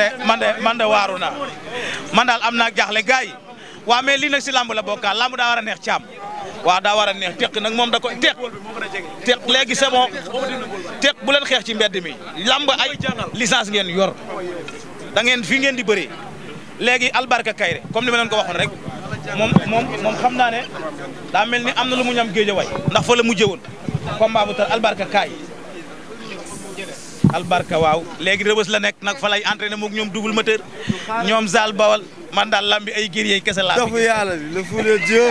de man de man de naa man daal am naa jaaxle gars yi waaw mais lii nag si lamb la bokkaa ah, lamb daa war a neex caam waaw daa war a neex teq nag moom da koy teq teq léegi c'est bon teq bu leen xeex ci mbedd mi lamb ay licence ngeen yor da ngeen fi ngeen di bëree léegi albarka kayre comme ni ma leen ko waxoon rek moom moom moom xam naa ne daa mel ni am na lu mu ñam géej a way ndax fa la mujjee woon combat bu tar albarka kaay albarka waaw léegi rëbës la nekk nag fa lay entraîné moog ñoom double moteur ñoom zaal bawal man daal lambi ay guerrier kese laa. dofu yàlla bi le fou de Dieu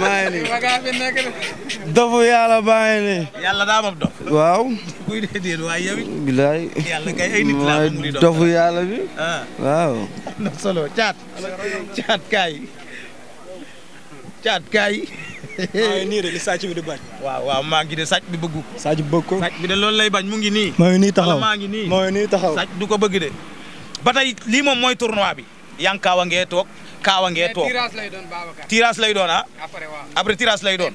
maa ngi dofu yàlla baa ngi nii. yàlla daa waaw. kuy dee dee waaye bilaay yàlla kay ay nit laa muy ah. caat caat kaay waaye nii rek li sàcc bi di bañ. maa ngi de sàcc bi bëggu. sàcc bi bëgg de loolu lay bañ mu ngi nii. maa ngi nii taxaw maa ngi nii maa ngi nii taxaw. sàcc du ko bëgg de ba tey lii moom mooy tournoi bi. yaa ngi kaawa ngee toog kaawa ngee toog tirage lay doon Babacar lay doon ah. après waaw lay doon.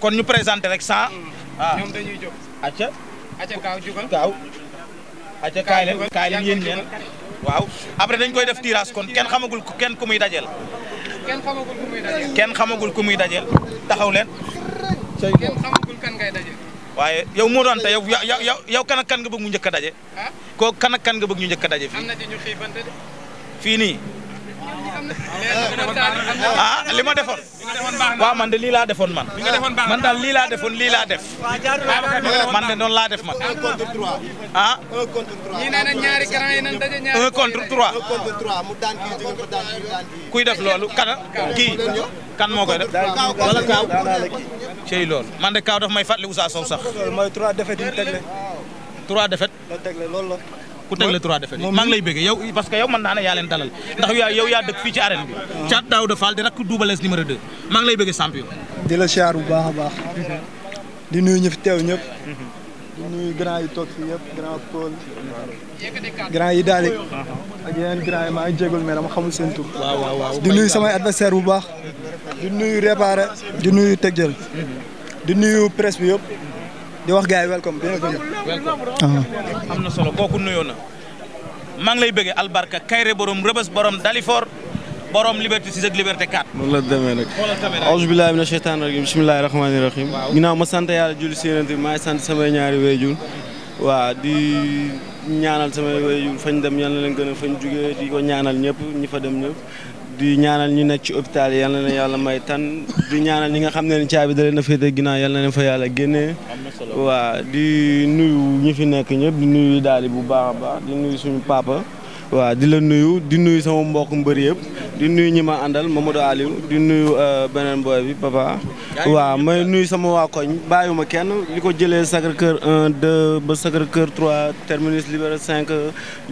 kon ñu présenté rek sans. waaw hmm. ah. dañuy jóg. acca. acca kaaw jugal kaaw. acca kaay leen kaay leen waaw après dañ koy def tirage kon kenn xamagul kenn ku muy dajeel kenn xamagul ku dajeel kenn xamagul ku muy dajeel taxaw leen. kenn xamagul kan ngay waaye yow moo doon tey yow yow kan kan nga bëgg mu njëkk daje. koo kan ak kan nga bëgg ñu njëkk a daje fii. am na fii nii. ah li ma defoon. waaw man de lii laa defoon man. man daal lii laa defoon lii laa def. man de noonu laa def man. ah. un def loolu kana kii kan moo koy def wala cey loolu man de kaaw daf may fàttali Ousa Sow sax. mooy trois défaites yu teg loolu ku teg la trois défaites maa ngi lay bëgg yow parce que yow mën naa ne yaa leen dalal ndax yow yaa dëkk fii ci arène bi Thiat Daouda Fall di rakk Double Less numéro maa ngi lay bëgg champion di la siyaar bu baax a mhm. di nuyu ñi fi teew ñëpp mhm. yi toog fii yëpp grand Paul grand yi daali uh-huh. ak yeneen yi maa ngi jégalu mais dama xamul seen tur di nuyu samay adversaire bu baax di nuyu réparé di nuyu tegjël mhm. di nuyu presse bi yëpp di wax gars yi welcome bienvenue. am na solo kooku nuyoo na. maa ngi lay bëggee albarka Kayre borom Rëbës borom Dalifor borom liberté 6 ak liberté 4. noonu la demee nag. auzu billaahi mina sheytaani rajiim bismillaahi rahmaani rahiim. ma sant yàlla julli si yonent bi sant samay ñaari waajur. waa di ñaanal samay waajur fañ dem yal na leen gën a fañ jugee di ko ñaanal ñëpp ñi fa dem ñëpp. di ñaanal ñu nekk ci hôpital yal na leen yàlla may tan di ñaanal ñi nga xam ne caabi da leen a féete ginnaaw yal na leen fa yàlla génnee. waa di nuyu ñu fi nekk ñëpp di nuyu daal di bu baax a baax di nuyu suñu papa. waa di la nuyu di nuyu sama mbokk mbër yëpp. di nuyu ñi ma àndal Mamadou Aliou di nuyu euh, beneen booy bi papa waaw may nuyu sama waa koñ bàyyiwuma kenn li ko jëlee Sacré Cœur 1 2 ba Sacré Cœur 3 terminus Liberté 5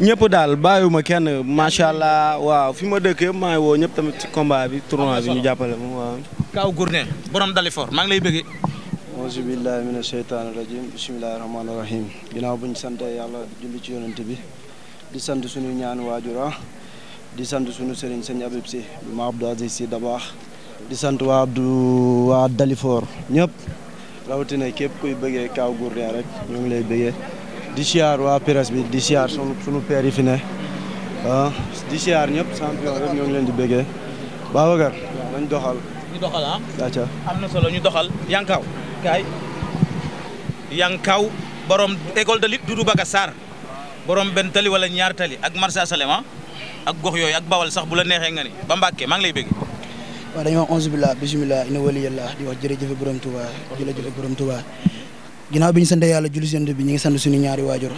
ñëpp daal bàyyiwuma kenn macha allah waa fi ma dëkk yëpp maa ngi woo ñëpp tamit ci combat bi tournoi bi ñu jàppale ma waaw. Kaaw Gourdin borom Dalifor maa ngi lay bëggee. auzu billahi mina sheytaani rajim bismillahi rahmaani rahim ginnaaw bu ñu sant yàlla julli ci yonent bi sant suñu ñaan waajura ah. di sant sunu sëriñ sëñ Abib si bi ma Abdou Aziz si Dabaax di sant waa Abdou waa Dalifor ñëpp rawatina képp kuy bëggee Kaw Gourdin rek ñoo ngi lay bëggee di siyaar waa presse bi di siyaar sunu sunu père yi fi ne ah di siyaar ñëpp champion rek ñoo ngi leen di bëggee Babacar nañ doxal. ñu doxal ah. acca am na solo borom école de lutte Doudou Baka Sarr borom benn tali wala ñaar tali ak marché Salema. Ah. ak gox yooyu ak bawal sax bu la neexee nga ni ba Mbàkke maa ngi lay bëgg. waaw dañuy wax onze billah bismillah inna waliyallah di wax jërëjëfe borom Touba jërëjëfe borom bi ñu sant yàlla julli sant bi ñu ngi sant suñu ñaari waajur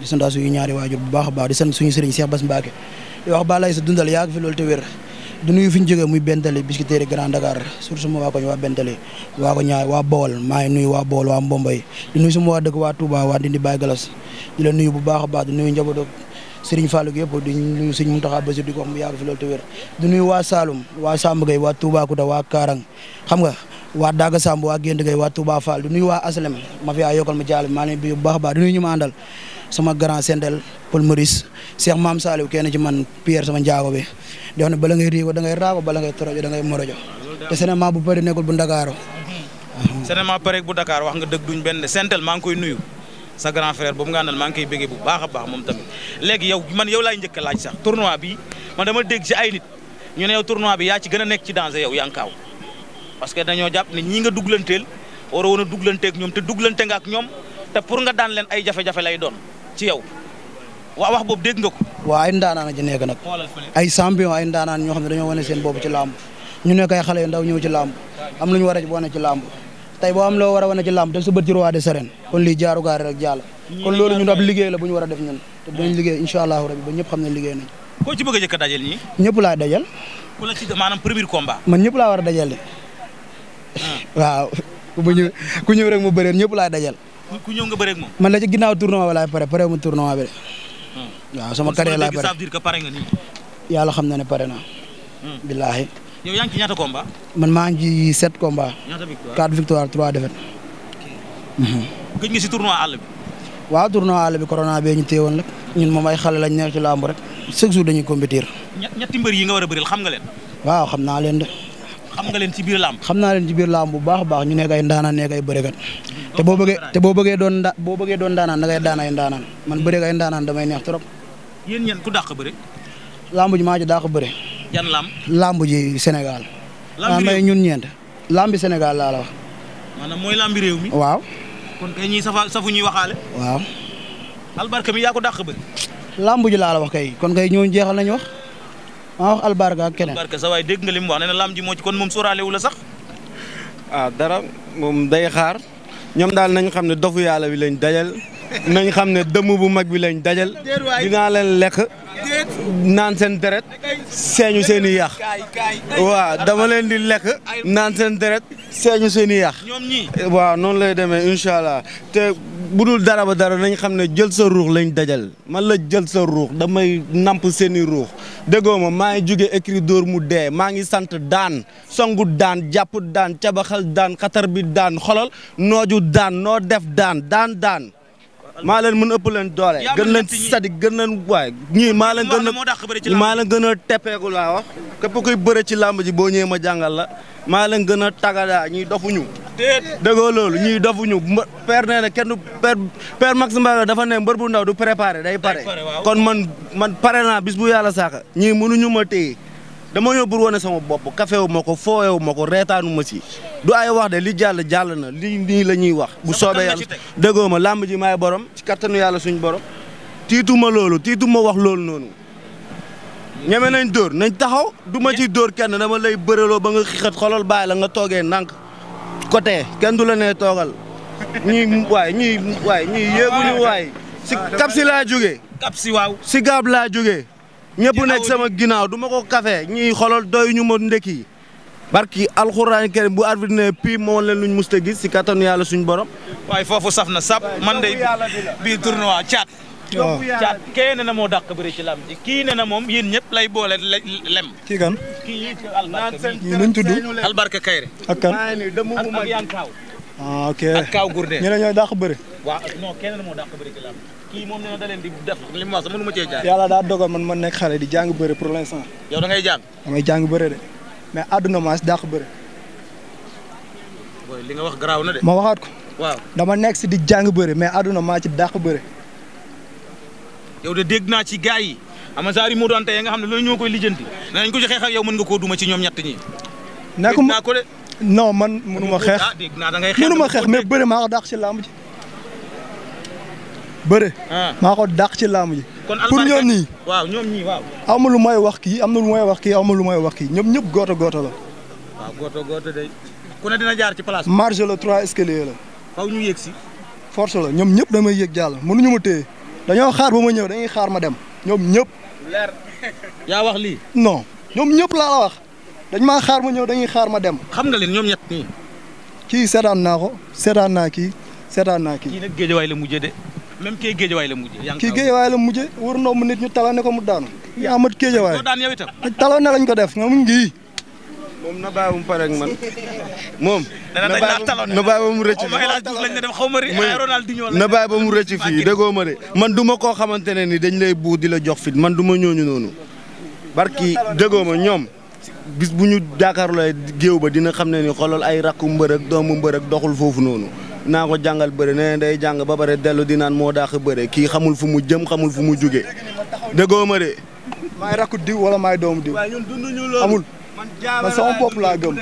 di sant suñu ñaari bu baax a baax di sant suñu sëriñ Cheikh Bass Mbacke di wax ba lay sa dundal yaa ngi fi loolu te wér du nuyu fi ñu jógee muy Bentali Biscuiterie Grand Dakar surtout sama waa koñ waa Bentali waa Bawol maa ngi nuyu waa Bawol waa Mbombay di nuyu sama waa dëkk waa Touba waa Ndindi Baye bu baax a baax di nuyu njaboot Serigne Fallou yëpp di nuyu Serigne Mountakha Bassirou waa Saloum waa Samb Gueye waa Toubacouta waa Karang xam nga waa Daga Samb waa gent gay waa Touba Fall di nuyu waa Aslem ma fi a yokkal ma jaal maa leen bi bu baax a baax di nuyu ñu sama àndal sama grand sendel Paul Maurice Cheikh Mame Saliou kenn ci man Pierre sama njaago bi di wax ne bala ngay riigo da ngay raago bala ngay torojo da ngay morojo te cinéma bu pare nekkul bu Ndakaaro cinéma pare bu Dakar wax nga dëgg duñ benn sentel maa ngi koy nuyu sa grand frère boobu nga àndal maa ngi koy béggee bu baax a baax moom tamit léegi yow man yow lay njëkk a laaj sax tournoi bi man dama dégg ci ay nit ñu ne yow tournoi bi yaa ci gën a nekk ci danger yow yankaaw parce que dañoo jàpp ne ñi nga duglanteel war a woon a duglanteeg ñoom te duglante nga ak ñoom te pour nga daan leen ay jafe-jafe lay doon ci yow wa wax boobu dégg nga ko. waa ay ndaanaan ci nekk nag. ay champion ay ndaanaan ñoo xam ne dañoo wane seen bopp ci làmb ñu nekk ay xale yu ndaw ñëw ci làmb am lu war a wane ci làmb tey boo am loo war a wane ci làmb def sa bët ci roi des arènes kon lii jaaru gaare rek jàll kon loolu ñun ab liggéey la bu ñu war a def ñun te dinañ liggéey incha allahu rabbi ba ñëpp xam ne liggéey nañ a jëkk a laa dajal ku la ci maanaam premier combat man ñëpp laa war dajal de ah. waaw ku ñëw rek mu bëreel ñëpp laa dajal ku ñëw nga bëree ak moom man la ci ginnaaw tournoi waa laay pare pare mu tournoi bi de ah. waaw sama carrière laay pare ça veut dire yàlla xam na ne pare naa hmm. billaahi yow yaa man maa ngi ci sept combat. ñaata victoire quatre victoire trois défaite. gëj nga si àll bi. waaw tournoi àll bi corona bee ñu téewoon nag ñun moom ay xale lañ nekk ci làmb rek chaque jour dañuy compétir. ñetti mbër xam nga leen. waaw xam naa leen de. xam nga leen ci biir lamb xam naa leen ci biir làmb bu baax baax ñu nekk ay ndaanaan nekk ay bërekat. Mm-hmm. te boo bëggee te boo bëggee doon nda boo bëggee doon ndaanaan da ngay daan ay man bëreeg ay ndaanaan damay neex trop. yéen ñan làmb ji maa ci dàq bëre yan lamb. lamb ji Sénégal. lamb a ah, ñun ñeent. lambi Sénégal laa la wax. maanaam mooy lambi mi. waaw. kon kay ñuy safa ñuy waxaale. waaw. albarka mi yaa ko dàq ba. lamb ji laa la wax kay kon kay ñooñu jeexal nañu wax. maa ah, wax albarka ak keneen. albarka sa waay dégg nga li wax nee na lamb ji moo ci kon moom sóoraale wu la sax. ah dara moom day xaar. ñoom daal nañ xam ne dofu yàlla bi lañ dajal. nañ xam ne dëmm bu mag bi lañ dajal. dinaa leen lekk. naan seen deret seeñu seen i yàq waaw dama leen di lekk naan seen deret seeñu seen i yàq waaw noonu lay demee incha allah te bu dul dara ba dara nañ xam ne jël sa ruux lañ dajal man la jël sa ruux damay namp seen i ruux déggoo ma maa ngi jugee écrit dóor mu dee maa ngi sant daan songu daan jàpp daan cabaxal daan xatar bi daan xolal nooju daan noo def daan daan daan maa leen mën ëpp leen doole gën leen sadik gën leen waay ñii maa leen gën a maa leen gën a teppeeku laa wax képp kuy bëre ci làmb ji boo ñëwee ma jàngal la maa leen gën a tagadaa ñuy dofuñu dëggoo loolu ñuy dofuñu père nee na kenn du père père Max dafa ne mbër bu ndaw du préparé day pare kon man man pare naa bis bu yàlla saaka ñii mënuñu ma téye dama ñëw pour wane sama bopp kafewu ma ko foowewu ma ko reetaanu ma si du ay wax de li jàll jàll na li nii la ñuy wax. bu soobee yàlla déggoo ma làmb ji maay borom ci kattanu yàlla suñu borom. tiitu ma loolu tiitu ma wax loolu noonu. ñeme nañ dóor nañ taxaw du ma ci dóor kenn dama lay bëreloo ba nga xixat xolal bàyyi la nga toogee nànk côté kenn du la ne toogal ñii waay ñii waay ñii si kap si laa jógee kap si si gaab laa jógee ñëpp nekk sama ginnaaw du ma ko kafe ñii xolal doy ñu ma ndekki barki alxuraan karim bu arbitre ne pii moo leen luñ musta gis si kattanu yàlla suñu borom. waaye foofu saf na sap man de biir tournoi caat. waaw caat kee ne na moo dàq bëri ci lam kii ne na moom yéen ñëpp lay boole lem. kii kan kii nuñ tudd. albarka kayre ak kan ak yankaaw. ah ok ak kaaw gurde ñu ne ñooy dàq bëri. waaw non kenn moo dàq bëri ci lam kii moom li mu wax ma cee jaar. yàlla daa dogal man ma nekk xale di jàng bëri pour l'instant. yow da ngay jàng. damay jàng bëri de. mais àdduna maa si dàq bëre. li nga wax garaaw na de. ma waxaat ko. waaw dama nekk si di jàng bëre mais àdduna maa ci dàq bëre. yow de dégg naa ci gars yi amasaari mu doon tey nga xam ne loolu ñoo koy lijjanti nañ ko ci xeex ak yow duma ci ñoom ñett ñi. nekkuma ko de. man mënuma ah, xeex mënuma xeex mais bëre maa ko dàq ci làmb ji. bëre. Ah. maa ko dàq ci làmb ji. pour ñoom nii waaw ñoom waaw. am lu may wax kii am na lu may wax kii am na lu may wax kii ñoom ñëpp gooto gooto la. waaw gooto gooto day. ne dina jaar ci place bi. la trois escaliers la. faw ñu yéeg si. force la ñoom ñëpp damay yéeg jàll mënuñu ma téye dañoo xaar ba ma ñëw dañuy xaar ma dem ñoom ñëpp. wax lii. non ñoom ñëpp laa wax dañ maa xaar ma ñëw dañuy xaar ma dem. xam nga leen ñoom ñett ñii. kii seetaan naa ko seetaan naa kii seetaan naa kii. kii nag géejawaay la mujjee de. même kii géejawaay la mujjee. kii géejawaay la mujjee wër ndoom mu nit ñu tala ne ko mu daanu. yaa amat géejawaay doo daan yow itam. tala ne lañ ko def nga ngi. moom na bàyyi man moom. na bàyyi na bàyyi ba mu rëcc fii na bàyyi ba mu rëcc fii déggoo ma de man duma ma koo xamante ne ni dañ lay buux di la jox fit man duma ma ñooñu noonu barki déggoo ma ñoom bis bu ñu jàkkaarloo géew ba dina xam ne ni xoolal ay rakku mbër ak doomu mbër doxul foofu noonu naa ko jàngal bëre nee day jàng ba pare dellu di naan moo daax bëre ki xamul fu mu jëm xamul fu mu jugee déggoo ma de. maay rakku diw wala maay doomu diw. amul man sama bopp laa gëm.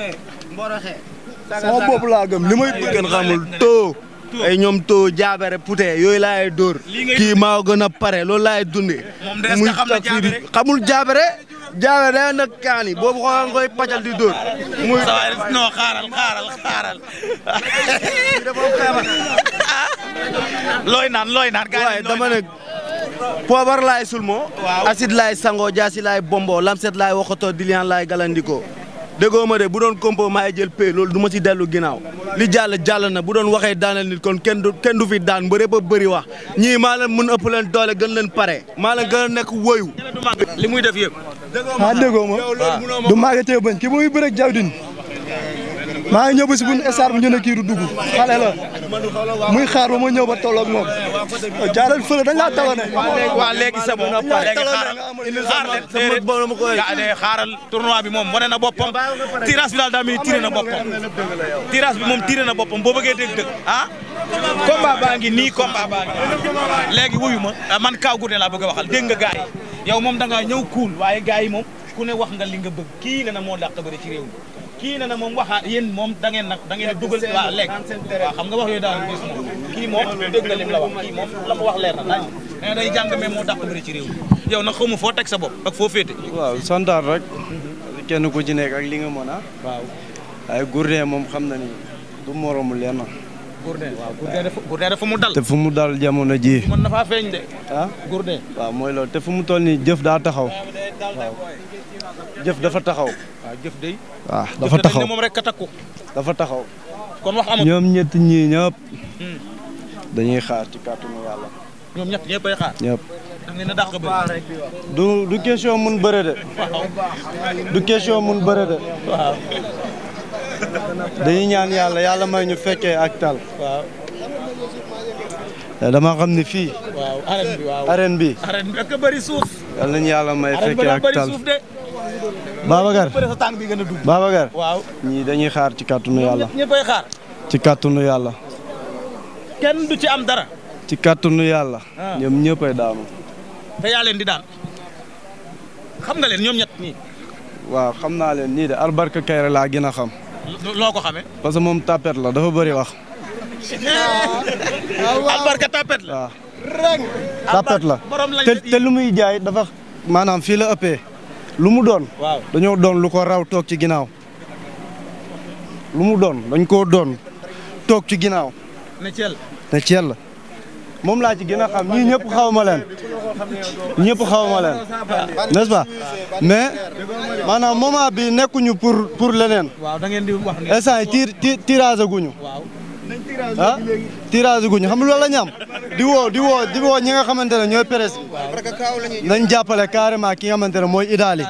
sama bopp laa gëm li may bëgg xamul too. ay ñoom to jaabere pute yooyu laay dóor. kii maa gën a pare loolu laay dundee. muy xamul jaabere. Diawé day nag kaani boobu xoo nga koy di dóor. muy non xaaral xaaral xaaral. looy naan looy naan. waaye dama ne poobar laay sulmo. acide laay sangoo jaasi laay bombo lamset laay waxatoo dilian laay galandikoo. déggoo ma de bu doon compo maay jël pay loolu du ma si dellu ginnaaw li jàll jàll na bu doon waxee daaneel nit kon kenn du kenn du fi daan mbëre ba bëri wax ñii maa leen mën ëpp leen doole gën leen pare maa leen gën a nekk woyu li muy def yëpp. déggoo ma ah déggoo ma ah. du maa ngi tee bañ ki muy bëreeg jawdin maa ngi ñëw ba si buñ estar bi ñu ne kiiru du dugg xale la muy xaar ba ma ñëw ba tolloog moom jaaral fële dañ laa talone waa léegi sa bopp léegi xaaral déedéet xaaral tournoi bi moom wane na boppam tirage bi daal daa mel ni tiré na boppam tirage bi moom tiré na boppam boo bëggee dégg dëgg ah combat ngi nii combat baa ngi léegi wuyu ma ah, man Kaw Gourdin laa bëgg a waxal dégg nga gars yi yow moom da ngaa ñëw kuul waaye gars yi moom ku ne wax nga li nga bëgg kii ne na moo dàq bëri ci réew mi kii na na moom waxaa ah, yéen moom da ngeen nag da ngeen a dugal waaw lekk waaw xam nga wax yooyu daal gis moom kii moom dégg nga lim la wax kii moom la mu wax leer na dañ ne day jàng moo dàq bëri ci réew mi yow nag xamu foo teg sa bopp ak foo féete waaw santaar rek kenn ku ci nekk ak li nga mën a waaw waaye Gourdin moom xam na ni du moromu leen na Gourdin waaw Gourdin dafa mu dal. te fu mu dal jamono ji mën na faa feeñ de. ah Gourdin. waaw mooy loolu te fu mu tol nii jëf daa taxaw. Ah, jëf dafa taxaw. waaw ah, ah, dafa taxaw moom rek takku. dafa taxaw. kon wax amul ñëpp. Hmm. dañuy xaar ci kàttanu yàlla. ñoom ñett ñëpp du du mun bëre de. du question mun bëre de. dañuy ñaan yàlla yàlla ma ñu fekkee ak tal waaw. dama xam ne fii. waaw arène bi suuf. yal nañu yàlla may fekkee ak tal Babacar Babacar. waaw ñii dañuy xaar ci kàttanu yàlla. ñi koy xaar. ci kàttanu yàlla. kenn du ci am dara. ci kàttanu yàlla. Ah. ñoom ñëppay daanu. xam waaw xam naa leen nii de albarka kayre laa gën a xam. loo ko xamee. parce que moom tapet la dafa bëri wax. Ah, albarka tapet la. la te lu muy jaay dafa. maanaam fii la ëppee lu mu doon. waaw dañoo doon lu ko raw toog ci ginnaaw. lu mu doon dañ koo doon toog ci ginnaaw. ne ci moom laa ci gën a xam ñii ñëpp xaw leen ñëpp xaw ma leen n'est-ce pas mais maanaam moment bi nekkuñu pour pour leneen. waaw da ngeen di wax ne. instant yi tir tir tirage guñu. ah tirage guñu xam loolu la ñu di woo di woo di woo ñi nga xamante ne ñooy presse nañ jàppale carrément ki nga xamante ne mooy Idali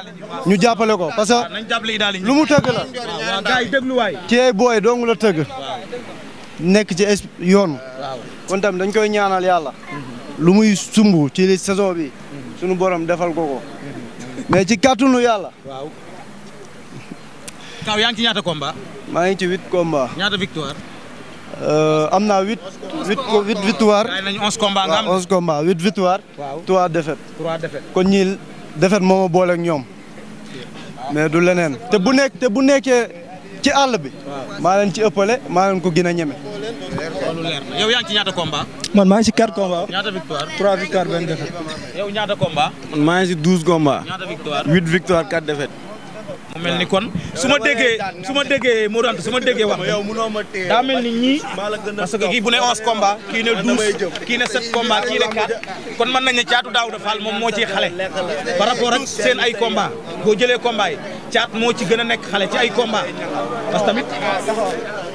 ñu jàppale ko parce que lu mu tëgg la. waaw gars yi déglu waay. booy dong la tëg nekk ci yoon. kon tam dañ koy ñaanal yàlla. lu muy sumbu ci saison bi. sunu borom defal ko ko. mais ci kàttanu yàlla. waaw. kaw yaa ngi maa ngi ci huit combat. ñaata euh, am naa huit. huit victoire. waaye nañu onze combat nga am onze combat huit victoire. waaw trois défaites. trois défaites kon ñii défaite moo ma ñoom. mais du leneen. te bu nekk bu nekkee ci àll bi. maa leen ci ëppale maa leen ko gën a ñeme. loolu leer na yow yaa ngi ci ñaata combat. man maa ngi si 4 combat. ñaata victoire 3 victoire benn défaite. yow ñaata combat. man mu mel ni kon su ma déggee su ma déggee Modou Anta su ma déggee wax daa mel ni ñii parce que kii bu ne 11 combat kii ne 12 kii ne 7 combat kii ne 4 kon man nañ ne caatu de Fall moom moo ciy xale par rapport ak seen ay combat boo jëlee combat yi caat moo ci gën a nekk xale ci ay komba parce que tamit.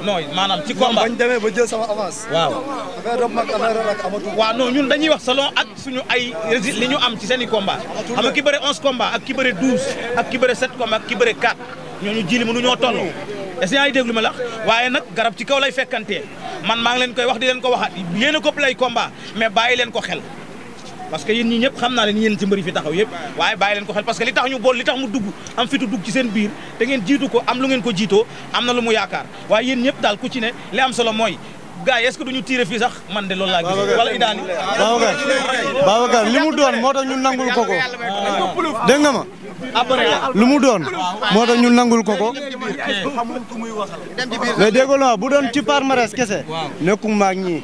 non maanaam ci combat demee ba jël sama avance. waaw affaire rab mag ñun dañuy wax selon ak suñu ay résultats li ñu am ci seen i combat xam nga ki bëre 11 combat ak ki bëre 12 ak ki bëre 7 combat ak ki bëre ñoo ñooñu jili mënuñoo tolloo. est-ce que yaa ngi déglu ma la waaye nag garab ci kaw lay fekkante man maa ngi leen koy wax di leen ko waxaat yéen a ko play combat mais bàyyi leen ko xel. parce que yéen ñi ñëpp xam naa leen yéen ci mbëri fi taxaw yëpp waaye bàyyi leen ko xel parce que li tax ñu bool li tax mu dugg am fitu dugg ci seen biir te ngeen jiitu ko am lu ngeen ko jiitoo am na lu mu yaakaar waaye yéen ñëpp daal ku li am solo gars yi est-ce que duñu tiire man de loolu laa gis wala idaani li mu doon moo tax ñun nangul ko ko dégg nga ma lu mu doon moo tax ñun nangul ko ko mais déggoo la bu doon ci palmarès kese nekkum maag ñii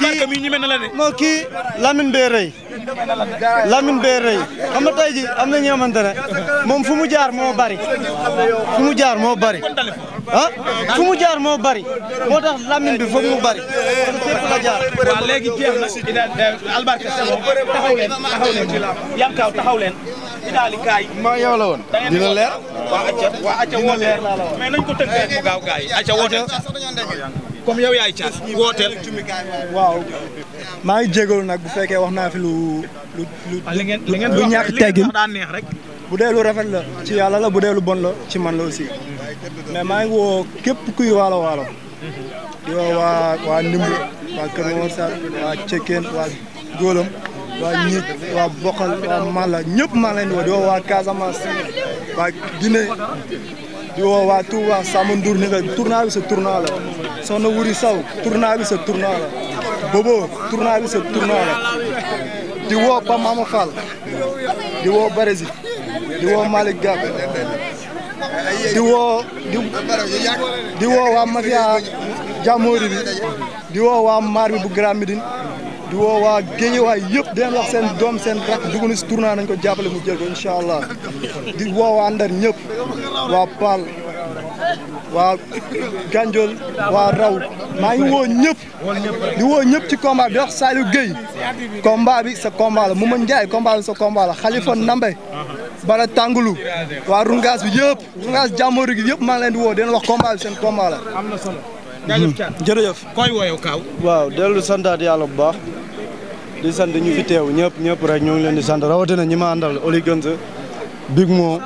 kii moo kii Lamine bee rëy Lamine bee rëy xam nga tey ji am na ñoo xamante ne moom fu mu jaar moo bari fu mu jaar moo bari ah fu mu jaar moo bari moo tax lamine bi foog mu bari fépp la jaar. waaw léegi jeex na Ida eh, albarka c'est bon taxaw leen taxaw leen Yankaw taxaw leen Ida kaay. ma yow la woon dina leer. waa acca waa acca woo leer nañ ko tënkee mu gaaw gaay yi acca comme yow yaay caas wooteel. waaw maa ngi jégalu nag bu fekkee wax naa fi lu lu lu. Ah, li ngeen lu ñàkk teggin bu dee lu rafet la ci yàlla la bu dee lu bon la ci man la aussi. mais maa ngi woo képp kuy waalo waalo di woo waa waa waa Kër waa Cekkeen waa Góolam waa ñiit waa Boqal waa Mala ñëpp maa leen woo di woo waa Casamance waa Guinée di woo waa Touba Samba ni nga tournoi bi sa Wuri Saw tournoi bi Bobo tournoi bi di woo Ba Mama Fall di woo Barési di woo Malick di woo di di woo waa mafia jàmmoori bi di woo waa maar bi bu Grand Médine di woo waa Guédiawaye yëpp di leen wax seen doom seen rakk dugg na si tournoi nañ ko jàppale mu jël ko incha di woo waa Ndar ñëpp waa Paal waa Gandiol waa Raw maa ngi woo ñëpp di woo ñëpp ci combat bi di wax Saliou Guèye combat sa combat la Mouma Ndiaye combat sa combat la Khalifa Nambe bala tàngulu waa rungaas bi yëpp rungaas jàmmoori gi yëpp maa ngi leen di woo deen wax combat seen combat la. am na solo. Hmm, jërëjëf. koy wooyoo Kaaw. waaw dellu santaat yàlla bu baax di sant ñu fi teew ñëpp ñëpp rek ñoo ngi leen di sant rawatina ñu ma àndal Oli Gënsa Big Mo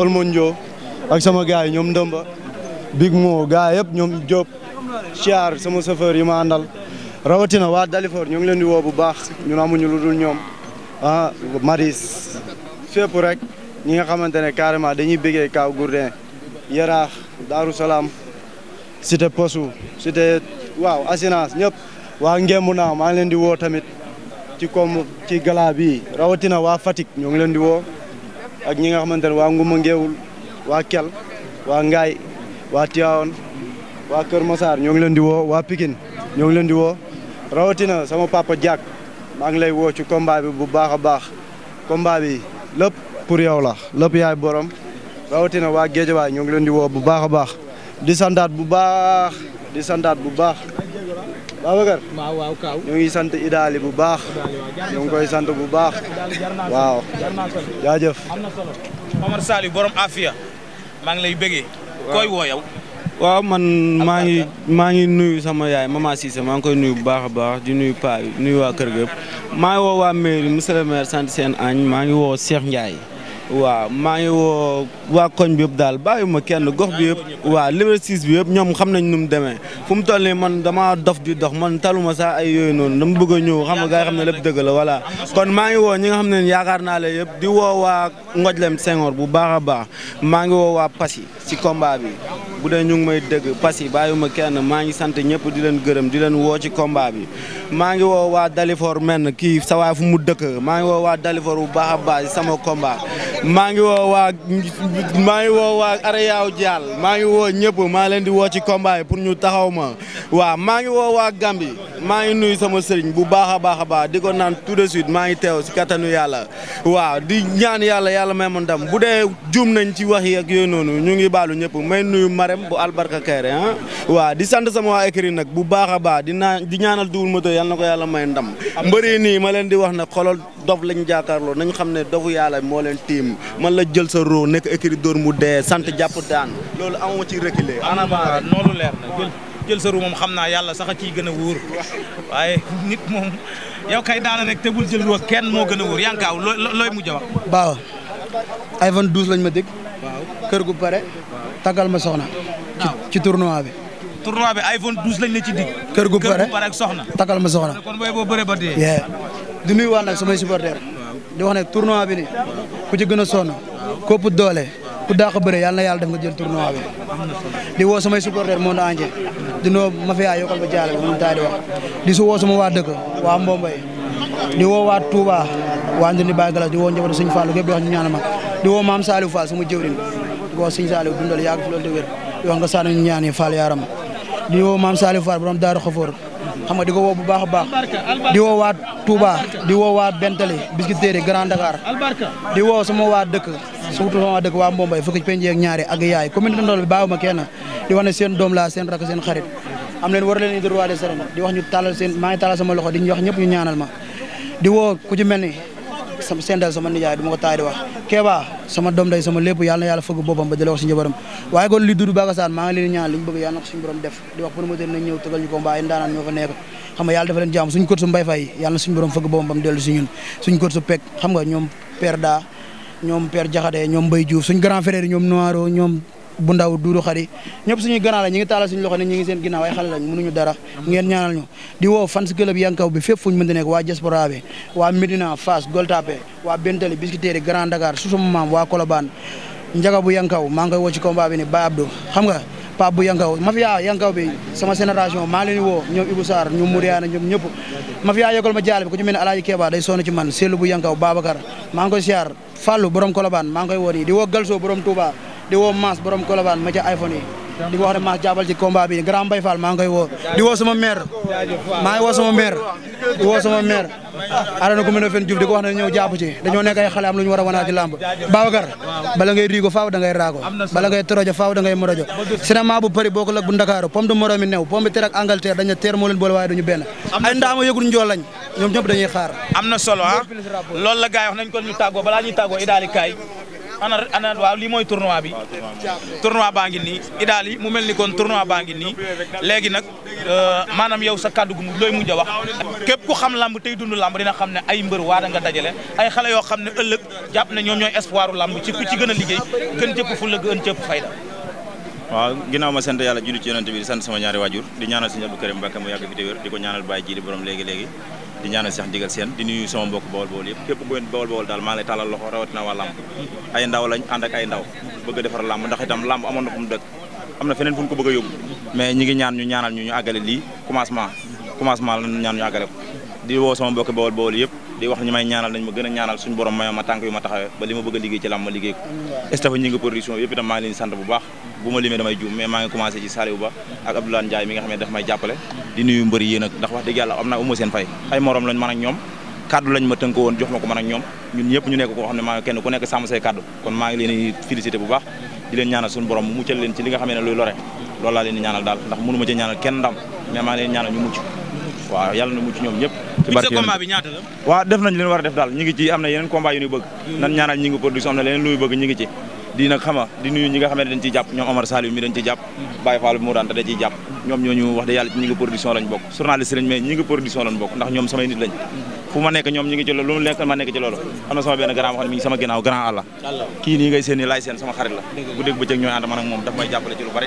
Olmondio ak sama gars yi ñoom Ndëmba Big mu gars yëpp ñoom Diop Chiar sama chauffeur yi ma àndal rawatina waa Dalifor ñoo ngi leen di woo bu baax ñun ñu lu dul ñoom ah Maris fépp rek. ñi nga xamante ne carrément dañuy bëggee Kaw Gourdin Yaraax Daaru Salaam cité Posu cité waaw assurance ñëpp waa ngembu naaw maa ngi leen di woo tamit ci comme ci gala bi rawatina waa Fatick ñoo ngi leen di woo ak ñi nga xamante ne waa Nguma Ngeewul waa Kel waa Ngaay waa Tivaouane waa Kër Massar ñoo ngi leen di woo waa Pikine ñoo ngi leen di woo rawatina sama papa Diak maa ngi lay woo ci combat bi bu baax a baax combat yi lépp pour yow la lépp yaay borom rawatina waa Géejawaay ñoo ngi leen di woo bu baax a baax di santaat bu baax di santaat bu baax Babacar ñoo ngi sant Idaali bu baax ñoo ngi koy bu baax waaw jaajëf. Omar borom Afia maa ngi yow. waaw man maa ngi maa ngi nuyu sama yaay mama Cissé maa ngi koy nuyu bu baax a baax di nuyu paa nuyu waa kër ga maa ngi woo waa mairie monsieur le sant seen añ maa ngi woo Cheikh Ndiaye. waaw maa ngi woo waa koñ bi yëpp daal ma kenn gox bi yëpp waaw Liberté 6 bi yëpp ñoom xam nañ nu mu demee fu mu toll nii man damaa dof di dox man taluma sax ay yooyu noonu dama bëgg a ñëw xam nga gars yi xam ne lépp dëgg la voilà kon maa ngi woo ñi nga xam ne yaakaar naa la yëpp di woo waa Ngojlem Senghor bu baax a baax maa ngi woo waa Passy si combat bi bu dee ñu ngi may dëgg Passy ma kenn maa ngi sant ñëpp di leen gërëm di leen woo ci kombaa bi maa ngi woo waa Dalifor menn kii sa fu mu dëkk maa ngi woo waa bu baax a baax sama combat maa ngi woo waa maa ngi woo waa Areyaw Dial maa ngi woo ñëpp maa leen di woo ci kombaay yi pour ñu taxaw ma waaw maa ngi woo waa Gambie maa ngi nuyu sama sëriñ bu baax a baax a baax di ko naan tu de suite maa ngi teew si kattanu yàlla waa di ñaan yàlla yàlla may ma ndam bu dee juum nañ ci wax yi ak yooyu noonu ñu ngi baalu ñëpp ma nuyu marem bu albarka Kéré ah waaw di sant sama waa écrit nag bu baax a baax di naan di ñaanal Double Moteur yàlla na ko yàlla may ndam mbëri nii ma leen di wax na xolal dof lañ jàkkaarloo nañ xam ne dofu yàlla moo leen tiim man la jël sa roo nekk écrit mu dee sant jàpp daan loolu amoo ci reculer en jël sa moom xam naa yàlla sax a ciy gën a wóor waaye nit moom yow kay daana rek te bul kenn moo gën a wóor yankaaw looy looy ba a wax. baaw iPhone 12 lañ ma dégg. waaw kër gu pare. taggal ma soxna. ci ci tournoi bi. tournoi bi iPhone 12 lañ la ci dig. kër gu pare kër gu soxna. taggal ma soxna kon ba dee. di nuyu waat nag samay supporters. di wax ne tournoi bi ku ci gën a sonn. képp doole. ku dàq bëre yàlla na yàlla def nga jël tournoi bi di woo samay supporter monde entier di noo ma fi yaay yokkal ba jaale ba mu taal di wax di su woo sama waa dëkk waa Mbombay di woo waa Touba waa Ndindi Baye Galas di woo njabootu Sëñ Fallou yëpp di wax ñu ñaanal ma di woo maam Saliou Fall sama jëwriñ di woo Sëñ Saliou dundal yàgg fi loolu di wér di wax nga sànni ñu ñaan yi yaaram di woo maam Saliou Fall borom Daaru Xafoor xam nga di ko woo bu baax a baax di woo waa Touba di woo waa Bentele Biscuiterie Grand Dakar di woo sama waa dëkk surtout sama waa dëkk waa Mbombay fukki penc ak ñaari ak yaay commune Ndondol bi bàyyiwuma kenn di wax ne seen doom laa seen rak seen xarit am leen war leen ni di roi des di wax ñu tàllal seen maa ngi tàllal sama loxo di wax ñëpp ñu ñaanal ma di woo ku ni sama sendal sama nijaay du ma ko taay di wax Kéba sama doom day sama lépp yàlla na yàlla fëgg boppam ba jëlee ko si njabootam waaye kon li dudu Baka Sane maa ngi ñaan li ñu bëgg na ko suñu def di wax promoteur nañ ñëw tëgal ñu ko mbaa ay ndaanaan ñoo fa nekk xam nga yàlla kot su mbay fay yàlla na suñu borom fëgg boppam ba mu dellu kot su pek xam nga ñoom père da ñoom père jaxade ñoom mbay diouf suñu grand frère ñoom noiro ñoom bu ndaw duudu xari ñëpp suñuy gannaaw la ñu ngi taalal suñu loxo ne ñu ngi seen ginnaaw ay xale lañ mënuñu dara ngeen ñaanal ñu di woo fans club yankaw bi fépp fuñu mënti nekk waa diaspora bi waa Médina Fass Goltapé waa Bentali Biscuiterie Grand Dakar susum maam waa Colobane njaga bu yankaw maa ngi koy woo ci combat bi ne Ba Abdou xam nga Pape bu yankaw mafia yankaw bi sama génération maa leen woo ñoom Ibou Sarr ñoom Mouriana ñëpp mafia yokkal ma jaale bi ku di woo Mass borom Colobane ma ca iPhone yi di ko Mass jàppal ci combat bi grand Mbaye Fall maa ngi woo di woo sama maire maa ngi woo sama maire di woo a fen Diouf di ko wax ne ñëw jàpp ci dañoo nekk ay xale am lu ñu war a wanaa ci bala ngay riigo faaw da ngay raago bala ngay torojo faaw da ngay morojo cinéma bu Paris boo ko lak bu Ndakaaru pomme de moromi new pomme de terre ak Angleterre daña teer moo boole waaye duñu benn ay ndaama na solo ah ana ana waaw lii mooy tournoi bi tournoi baa ngi nii daali mu mel ni kon tournoi baa ngi nii léegi nag euh, maanaam yow sa kàddu gu mu looy mujj a wax képp ku xam lamb tey dund lamb dina xam ne ay mbër waa da dajale ay xale yoo xam ne ëlëg jàpp ne ñoom ñooy espoiru lamb ci ku ci gën a liggéey gën cëpp fulla gën cëpp fayda waaw ginnaaw ma sant yàlla julli ci yonent bi di sant sama ñaari waajur di ñaanal sëñ Abdou Karim Mbacke mu yàgg fi te di ko ñaanal bàyyi ji di ñaanal Cheikh Ndigal Sène di nuyu sama mbokk Bawol Bawol yëpp képp kuy Bawol Bawol daal maa ngi lay a loxo rawatina waa làmb ay ndaw lañ ànd ak ay ndaw bëgg a defar làmb ndax itam làmb na fu mu dëkk am ñu a ngi ñaan ñu ñaanal ñu ñu àggale lii commencement commencement la ñaan ñu àggale ko di woo gën a ñaanal suñu borom mayo ma tànk yu ma taxawee ba ma bëgg a liggéey ci làmb ma liggéey ko staff ñi ngi production yëpp itam maa ngi leen sant bu baax bu ma limee damay juum mais maa ngi commencé ci Saliou Ba ak Abdoulaye Ndiaye mi nga xam ne daf may jàppale di nuyu mbëri ndax wax dëgg yàlla am uma seen fay ay morom lañ man ñoom kaddu lañ ma tënk woon jox ma ko man ñoom ñun ñu nekk koo xam ne kon maa leen ñaanal daal ndax mënu ma ñaanal kenn ndam mais leen ñaanal ñu mucc waaw yàlla na mucc ñoom ñëpp ci def nañ leen war a def daal ñu am na yeneen combat yu ñu bëgg nan ñaanal ñi production am na leneen lu ñu bëgg ñu di nag xama di nuyu ñi nga xamante jàpp ñoom Omar Saliou mi dañ ciy jàpp Baye Fall mu daan te da ciy jàpp ñoom ñooñu wax de yàlla ci ñi nga bokk journaliste lañ mais ñi nga production lañ bokk ndax ñoom samay nit lañ fu ma nekk ñoom ñi ci loolu lu mu ma nekk ci loolu am na sama benn grand wax ne mi sama ginnaaw grand àlla kii nii ngay ni laay seen sama xarit la bu dégg bëccëg ñooy ànd moom daf may jàppale ci lu bari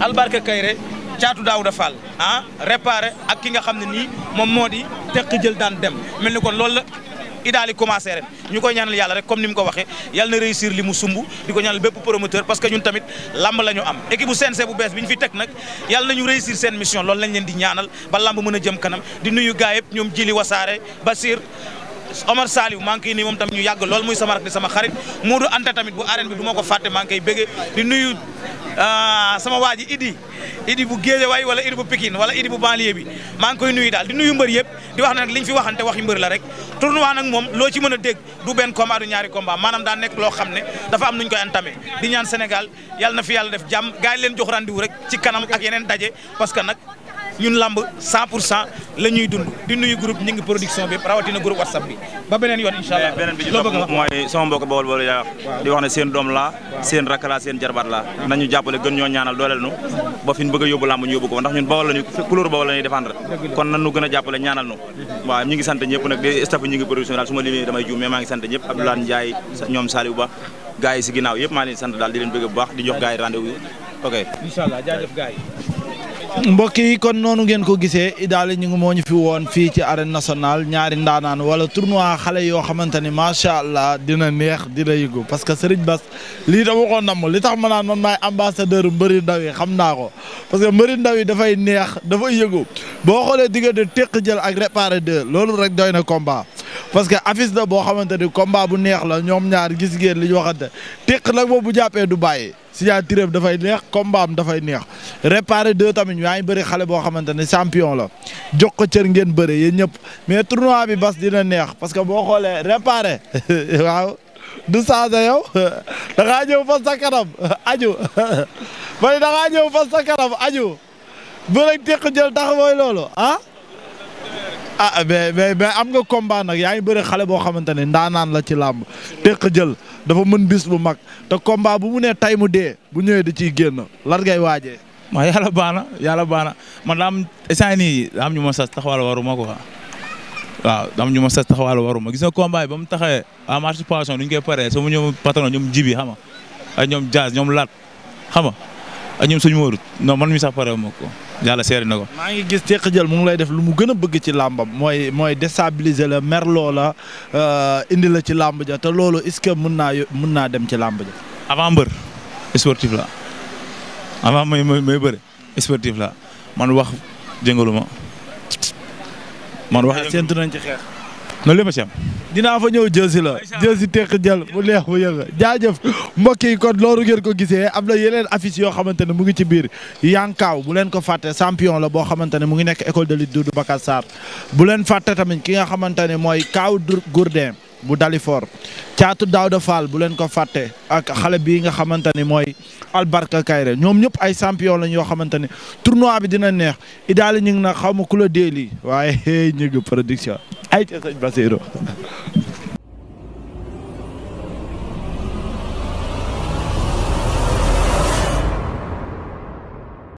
Albarka Kayre caatu Daouda Fall ah réparé ak ki nga xam ne nii moom moo di teq jël daan dem mel ni kon loolu la idaali commencé ren ñu koy ñaanal yàlla rek comme ni mu ko waxee yàlla na réussir li mu sumb di ko ñaanal bépp promoteur parce que ñun tamit lamb la ñu am équipe bu CNC bu bees bi ñu fi teg nag yàlla ñu réussir seen mission lool lañ leen di ñaanal ba lamb mën a jëm kanam di nuyu gaay yëpp ñoom jili wasaare Basir Omar Saliou maa nii moom tamit ñu yàgg lool muy sama rak di sama xarit Modou Anta tamit bu arène bi du ma ko fàtte maa ngi di nuyu ah, sama waa ji Idi Idi bu Géejawaay wala Idi bu Pikine wala Idi bu banlieue bi maa ngi koy nuyu daal di nuyu mbër yëpp di wax nag li ñu fi waxante waxi mbër la rek tournoi nag moom loo ci mën a dégg du benn combat du ñaari combat maanaam daa nekk loo xam ne dafa am nuñ koy entamé di ñaan Sénégal yàlla na fi yàlla def jàmm gars leen jox rendez-vous rek ci kanam ak yeneen daje parce que nag ñun lamb 100 pour cent la ñuy dund di nuyu groupe ñu ngi production bi rawatina groupe whatsapp bi ba beneen yoon incha allah. beneen bi ci topp mooy sama mbokk Bawol Bawol yaa di wax ne ah. ñoo ñaanal dooleel nu ba fi ñu bëgg a yóbbu lamb ñu yóbbu ko ndax ñun Bawol lañu couleur a jàppale ngi sant ñëpp nag di staff ñu ngi production sant ñëpp Ba gaay si ginnaaw yëpp maa leen sant daal di leen bëgg bu baax di jox gaay yi rendez-vous ok incha allah jaajëf gaay yi mbokk yi kon noonu ngeen ko gisee idaal ñu ngi moo ñu fi woon fii ci arène nationale ñaari ndaanaan wala tournoi xale yoo xamante ni macha allah dina neex dina yëngu parce que Serigne Bass lii dama ko namm li tax ma naan man maay ambassadeur mbëri ndaw yi xam naa ko parce que mbëri ndaw yi dafay neex dafay yëngu boo xoolee diggante Tekk Jël ak Réparé loolu rek doy na combat. parce que affiche la boo xamante ni combat bu neex la ñoom ñaar gis ngeen li ñu waxante teq nag moom bu jàppee du bàyyi signature am dafay neex combat am dafay neex réparé deux tamit yaa ngi bëri xale boo xamante ne champion la jox ko cër ngeen bëre yéen ñëp mais tournoi bi bas dina neex parce que boo xoolee réparé waaw du changé yow da ngaa ñëw fas sa kanam aju man da ngaa sa kanam jël tax mooy loolu ah. ah mais mais am nga combat nak yaa ngi bëri xale boo xamante ne ndaanaan la ci làmb teq jël dafa mën bis bu mag te combat bu mu nee tay mu dee bu ñëwee di ci génn lan ngay waajee. ma yàlla baax baana yàlla baax baana man daa am instant nii daa am ñu ma sas taxawal waruma ko waaw daa am ñu ma sas taxawal waruma gis nga combat yi ba mu taxawee en participation duñ koy paree sama ñoom patron ñoom jibi xam nga ak ñoom jazz ñoom lat xam nga ak ñoom suñu wóorut non man mi sax pare ma ko. yàlla seeri na ko. maa ngi gis Tekk Jël mu ngi lay def lu mu gën a bëgg ci làmbam mooy mooy déstabiliser la merloo la euh, indi la ci làmb ja te loolu est-ce que mën naa mën naa dem ci làmb ja. avant mbër sportif la avant may may may bëre la man wax jëngaluma man wax séntu nañ ci xeex. noonu lépp a si am dinaa fa ñëw jël si la jël si jël bu neex bu yënga jaajëf mbokk yi kon loolu ngeen ko gisee am na yeneen affiche yoo xamante ne mu ngi ci biir yankaaw bu leen ko fàtte champion la boo xamante ne mu ngi nekk école de lutte Doudou Bakassar bu leen fàtte tamit ki nga xamante ne mooy Kaaw Gourdin bu Dalifort caatu Daouda Fall bu leen ko fàtte ak xale bii nga xamante ni mooy Albarka Kayre ñoom ñëpp ay sampion lañ yoo xamante ni tournoi bi dina neex idaali ñu ngi nag xaw ma ku la dee waaye ñëgg production ay ca sëñ Basirou